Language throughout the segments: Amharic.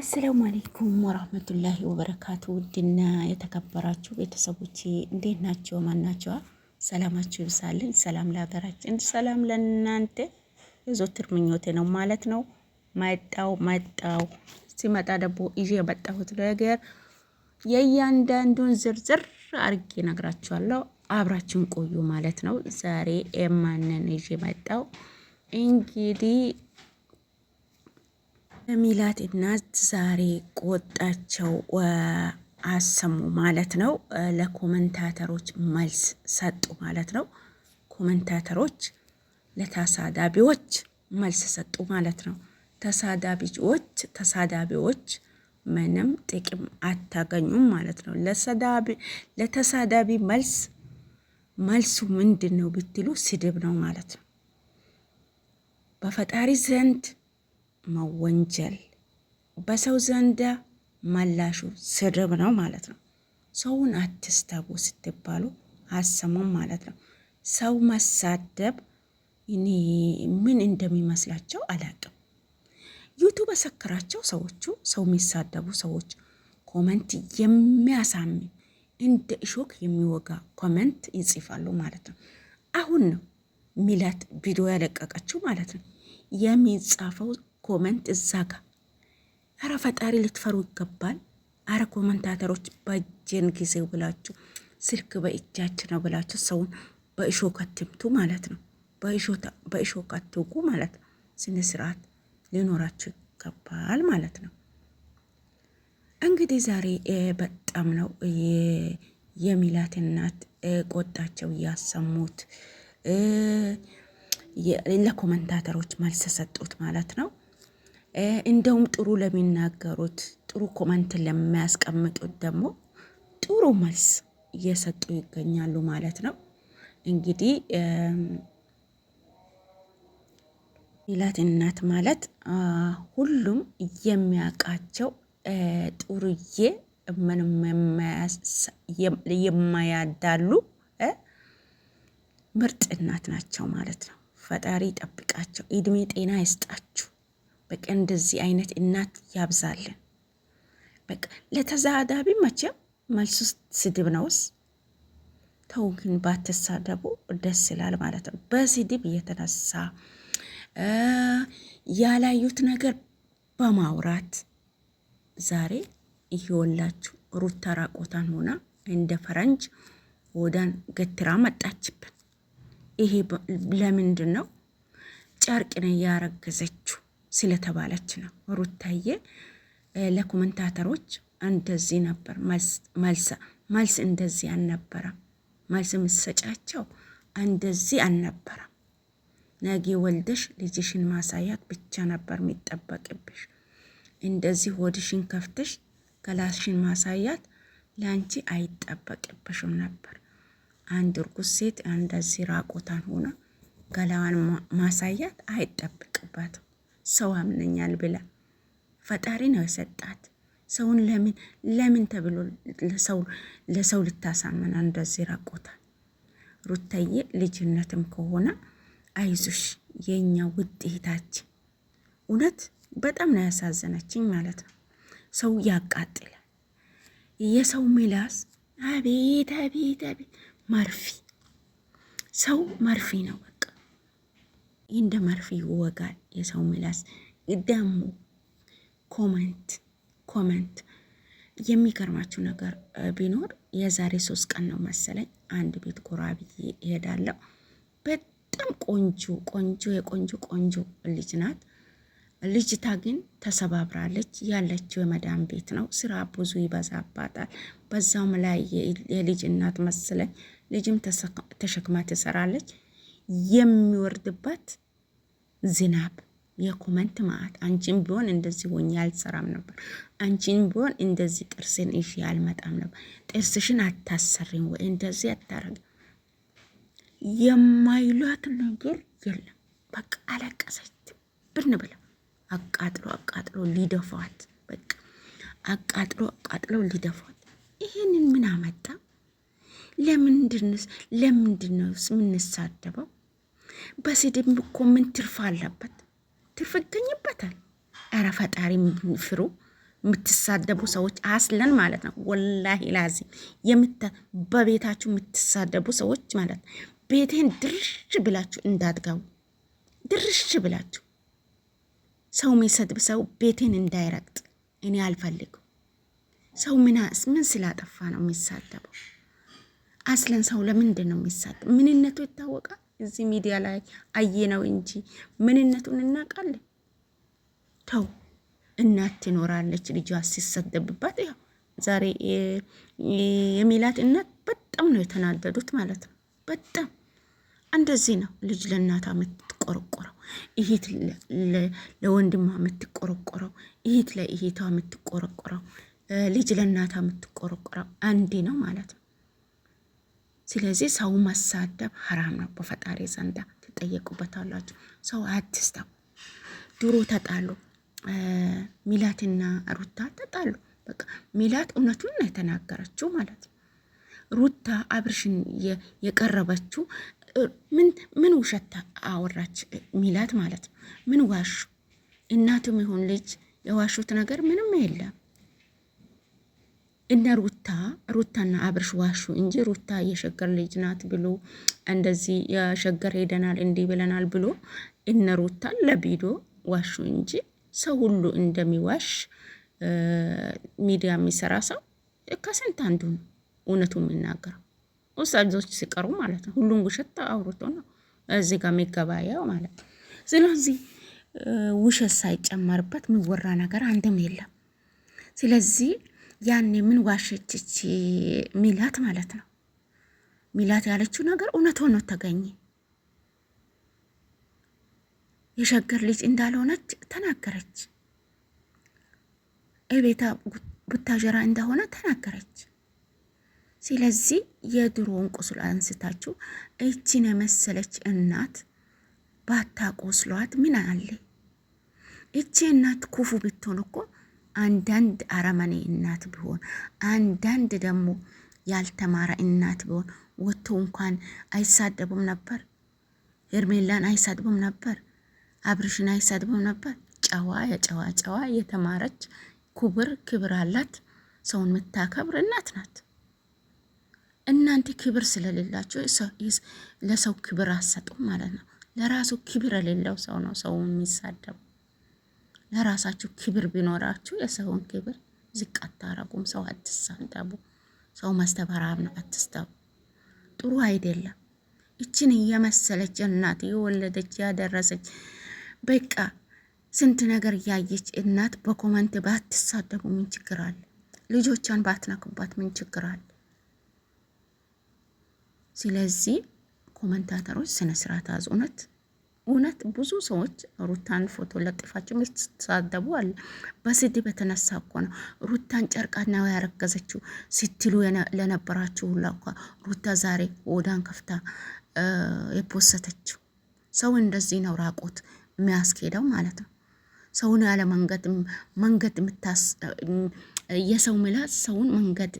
አሰላሙ አሌይኩም ወራህመቱላሂ ወበረካቱ። ውድና የተከበራችሁ ቤተሰቦቼ እንዴት ናቸው? ማናቸዋ? ሰላማችሁ ይብዛልን። ሰላም ለሀገራችን፣ ሰላም ለእናንተ የዘወትር ምኞቴ ነው ማለት ነው። መጣው መጣው ሲመጣ ደግሞ ይዤ የመጣሁት ነገር የእያንዳንዱን ዝርዝር አርጌ ነግራችኋለሁ። አብራችሁን ቆዩ ማለት ነው። ዛሬ የማንን ይዤ መጣው እንግዲህ ሚላት እናት ዛሬ ቆጣቸው አሰሙ ማለት ነው። ለኮመንታተሮች መልስ ሰጡ ማለት ነው። ኮመንታተሮች ለታሳዳቢዎች መልስ ሰጡ ማለት ነው። ተሳዳቢዎች ተሳዳቢዎች ምንም ጥቅም አታገኙም ማለት ነው። ለተሳዳቢ መልስ መልሱ ምንድን ነው ብትሉ ስድብ ነው ማለት ነው በፈጣሪ ዘንድ መወንጀል በሰው ዘንዳ መላሹ ስድብ ነው ማለት ነው። ሰውን አትስተቡ ስትባሉ አሰሙም ማለት ነው። ሰው መሳደብ እኔ ምን እንደሚመስላቸው አላቅም። ዩቱብ በሰከራቸው ሰዎቹ ሰው የሚሳደቡ ሰዎች ኮመንት የሚያሳምን እንደ እሾክ የሚወጋ ኮመንት ይጽፋሉ ማለት ነው። አሁን ነው ሚላት ቪዲዮ ያለቀቀችው ማለት ነው የሚጻፈው ኮመንት እዛ ጋ አረ ፈጣሪ ልትፈሩ ይገባል። አረ ኮመንታተሮች በጀን ጊዜ ብላችሁ ስልክ በእጃች ነው ብላችሁ ሰውን በእሾ ከትምቱ ማለት ነው። በእሾ ከትጉ ማለት ነው። ስነ ስርዓት ሊኖራችሁ ይገባል ማለት ነው። እንግዲህ ዛሬ በጣም ነው የሚላት እናት ቆጣቸው ያሰሙት ለኮመንታተሮች መልስ ሰጡት ማለት ነው። እንደውም ጥሩ ለሚናገሩት ጥሩ ኮመንትን ለሚያስቀምጡት ደግሞ ጥሩ መልስ እየሰጡ ይገኛሉ ማለት ነው። እንግዲህ ሚላት እናት ማለት ሁሉም የሚያውቃቸው ጥሩዬ ምንም የማያዳሉ ምርጥ እናት ናቸው ማለት ነው። ፈጣሪ ይጠብቃቸው፣ እድሜ ጤና ይስጣችሁ። በቃ እንደዚህ አይነት እናት ያብዛልን። በቃ ለተዛዳቢ መቼም መልሱ ስድብ ነውስ። ተው ግን ባትሳደቡ ደስ ይላል ማለት ነው። በስድብ እየተነሳ ያላዩት ነገር በማውራት ዛሬ ይኸውላችሁ ሩታ ራቆታን ሆና እንደ ፈረንጅ ወዳን ገትራ መጣችብን። ይሄ ለምንድን ነው? ጨርቅ ነው ስለተባለች ነው። ሩታዬ ለኮመንታተሮች እንደዚህ ነበር መልስ መልስ እንደዚህ አልነበረም። መልስ የምትሰጫቸው እንደዚህ አልነበረም። ነገ ወልደሽ ልጅሽን ማሳያት ብቻ ነበር የሚጠበቅብሽ። እንደዚህ ሆድሽን ከፍተሽ ገላሽን ማሳያት ለአንቺ አይጠበቅብሽም ነበር። አንድ እርጉዝ ሴት እንደዚህ ራቆታን ሆና ገላዋን ማሳያት አይጠበቅባትም። ሰው አምነኛል ብላ ፈጣሪ ነው የሰጣት። ሰውን ለምን ለምን ተብሎ ለሰው ልታሳመን እንደዚህ ራቆታል። ሩታዬ ልጅነትም ከሆነ አይዞሽ የኛ ውጤታችን እውነት በጣም ነው ያሳዘነችኝ ማለት ነው። ሰው ያቃጥላል። የሰው ምላስ አቤት አቤት አቤት ማርፊ ሰው ማርፊ ነው። እንደ መርፌ ይወጋል የሰው ምላስ። ደግሞ ኮመንት ኮመንት የሚገርማችሁ ነገር ቢኖር የዛሬ ሶስት ቀን ነው መሰለኝ አንድ ቤት ጎራ ብዬ እሄዳለሁ። በጣም ቆንጆ ቆንጆ የቆንጆ ቆንጆ ልጅ ናት። ልጅታ ግን ተሰባብራለች። ያለችው የመዳን ቤት ነው። ስራ ብዙ ይበዛባታል። በዛውም ላይ የልጅ እናት መሰለኝ ልጅም ተሸክማ ትሰራለች። የሚወርድባት ዝናብ የኮመንት ማአት አንቺን ቢሆን እንደዚህ ሆኜ አልሰራም ነበር። አንቺን ቢሆን እንደዚህ ጥርስን ይዤ አልመጣም ነበር። ጥርስሽን አታሰሪም ወይ እንደዚህ አታረግም የማይሏት ነገር የለም። በቃ አለቀሰች ብን ብላ አቃጥሎ አቃጥሎ ሊደፋት በቃ አቃጥሎ አቃጥሎ ሊደፋት። ይህንን ምን አመጣ? ለምንድንስ ለምንድነውስ የምንሳደበው? በስድብ እኮ ምን ትርፍ አለበት? ትርፍ ይገኝበታል። እረ ፈጣሪ ፍሩ። የምትሳደቡ ሰዎች አስለን ማለት ነው። ወላሂ ላዚ የምታ በቤታችሁ የምትሳደቡ ሰዎች ማለት ነው። ቤቴን ድርሽ ብላችሁ እንዳትገቡ፣ ድርሽ ብላችሁ ሰው የሚሰድብ ሰው ቤቴን እንዳይረግጥ እኔ አልፈልግም። ሰው ምን ስላጠፋ ነው የሚሳደበው? አስለን ሰው ለምንድን ነው የሚሳደብ? ምንነቱ ይታወቃል። እዚህ ሚዲያ ላይ አየ ነው እንጂ ምንነቱን እናውቃለን። ተው እናት ትኖራለች ልጇ ሲሰደብባት፣ ያው ዛሬ የሚላት እናት በጣም ነው የተናደዱት ማለት ነው። በጣም እንደዚህ ነው ልጅ ለእናቷ የምትቆረቆረው፣ እህት ለወንድሟ የምትቆረቆረው፣ እህት ለእህቷ የምትቆረቆረው፣ ልጅ ለእናቷ የምትቆረቆረው አንዴ ነው ማለት ነው። ስለዚህ ሰው መሳደብ ሀራም ነው በፈጣሪ ዘንዳ ትጠየቁበታላችሁ። ሰው አትስተው። ድሮ ተጣሉ፣ ሚላትና ሩታ ተጣሉ። በቃ ሚላት እውነቱን ነው የተናገረችው ማለት ነው። ሩታ አብርሽን የቀረበችው ምን ምን ውሸት አወራች ሚላት ማለት ነው። ምን ዋሹ? እናቱም ይሁን ልጅ የዋሹት ነገር ምንም የለም። እነ ሩታ ሩታና አብርሽ ዋሹ እንጂ ሩታ የሸገር ልጅ ናት ብሎ እንደዚህ የሸገር ሄደናል እንዲህ ብለናል ብሎ እነ ሩታ ለቢዶ ዋሹ እንጂ ሰው ሁሉ እንደሚዋሽ ሚዲያ የሚሰራ ሰው ከስንት አንዱ ነው እውነቱ የሚናገረው። ውስጥ ሲቀሩ ማለት ነው። ሁሉም ውሸት አውርቶ ነው እዚህ ጋር የሚገባያው ማለት ነው። ስለዚህ ውሸት ሳይጨመርበት የሚወራ ነገር አንድም የለም። ስለዚህ ያኔ ምን ዋሸችች ሚላት ማለት ነው። ሚላት ያለችው ነገር እውነት ሆኖ ተገኘ። የሸገር ልጅ እንዳልሆነች ተናገረች። እቤታ ቡታጀራ እንደሆነ ተናገረች። ስለዚህ የድሮውን ቁስል አንስታችሁ እችን የመሰለች እናት ባታቆስሏት ምን አለ? እቺ እናት ክፉ ብትሆን እኮ አንዳንድ አረመኔ እናት ቢሆን፣ አንዳንድ ደግሞ ያልተማረ እናት ቢሆን ወጥቶ እንኳን አይሳደቡም ነበር። ሄርሜላን አይሳድቡም ነበር። አብርሽን አይሳድቡም ነበር። ጨዋ የጨዋ ጨዋ የተማረች ክቡር ክብር አላት። ሰውን የምታከብር እናት ናት። እናንተ ክብር ስለሌላችሁ ለሰው ክብር አሰጡም ማለት ነው። ለራሱ ክብር የሌለው ሰው ነው ሰውን የሚሳደቡ ለራሳችሁ ክብር ቢኖራችሁ የሰውን ክብር ዝቅ አታረጉም። ሰው አትሳደቡ። ሰው ማስተባራብ ነው። አትስደቡ። ጥሩ አይደለም። ይችን እየመሰለች እናት የወለደች ያደረሰች በቃ ስንት ነገር እያየች እናት በኮመንት ባትሳደቡ ምን ችግር አለ? ልጆቿን ባትናክባት ምን ችግር አለ? ስለዚህ ኮመንታተሮች ስነስርዓት አዙነት እውነት ብዙ ሰዎች ሩታን ፎቶ ለጥፋቸው ሚሳደቡ አለ። በስድብ በተነሳ እኮ ነው ሩታን ጨርቃ ጨርቃና ያረገዘችው ስትሉ ለነበራችሁ ሁላ እኳ ሩታ ዛሬ ወዳን ከፍታ የፖሰተችው ሰው እንደዚህ ነው ራቆት የሚያስኬደው ማለት ነው። ሰውን ያለ መንገድ መንገድ የሰው ምላስ ሰውን መንገድ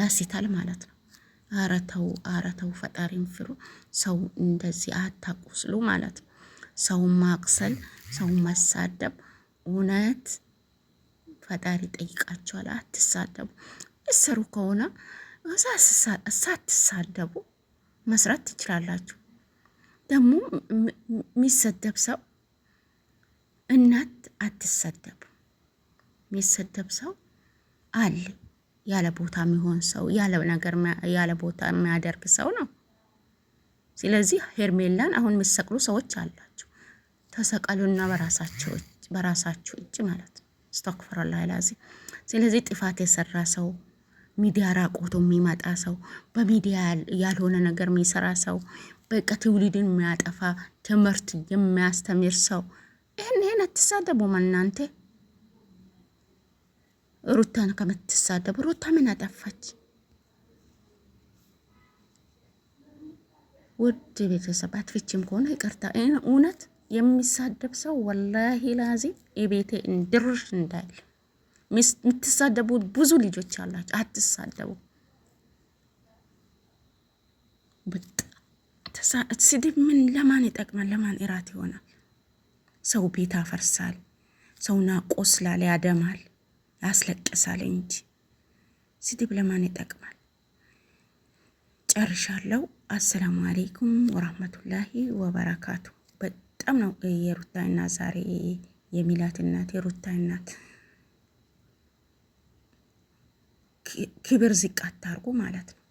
ያስታል ማለት ነው። አረተው አረተው ፈጣሪን ፍሩ። ሰው እንደዚህ አታቁስሉ ማለት ነው። ሰውን ማቅሰል፣ ሰውን ማሳደብ እውነት ፈጣሪ ጠይቃቸዋል። አትሳደቡ። እሰሩ ከሆነ ሳትሳደቡ መስራት ትችላላችሁ። ደግሞ የሚሰደብ ሰው እናት አትሰደብ። የሚሰደብ ሰው አለ ያለ ቦታ የሚሆን ሰው ያለ ነገር ያለ ቦታ የሚያደርግ ሰው ነው። ስለዚህ ሄርሜላን አሁን የሚሰቅሉ ሰዎች አላቸው። ተሰቀሉና በራሳቸው በራሳቸው እጅ ማለት ነው። ስተክፍራላ ላዚ ስለዚህ ጥፋት የሰራ ሰው ሚዲያ ራቆቶ የሚመጣ ሰው በሚዲያ ያልሆነ ነገር የሚሰራ ሰው በቃ ትውልድን የሚያጠፋ ትምህርት የሚያስተምር ሰው ይህን ይህን አትሳደቡም እናንተ። ሩታን ከምትሳደቡ ሩታ ምን አጠፋች? ውድ ቤተሰብ አትፍቺም ከሆነ ይቅርታ። እውነት የሚሳደብ ሰው ወላሂ ላዚ የቤቴ እንድርሽ እንዳለ የምትሳደቡ ብዙ ልጆች አላችሁ። አትሳደቡ። ስድብ ምን ለማን ይጠቅማል? ለማን እራት ይሆናል? ሰው ቤት አፈርሳል። ሰውን ያቆስላል፣ ያደማል። አስለቀሳለ እንጂ ስድብ ለማን ይጠቅማል? ጨርሻለሁ። አሰላሙ አሌይኩም ወራህመቱላሂ ወበረካቱ። በጣም ነው የሩታ እናት ዛሬ የሚላት እናት የሩታ እናት ክብር ዝቅ አታርጉ ማለት ነው።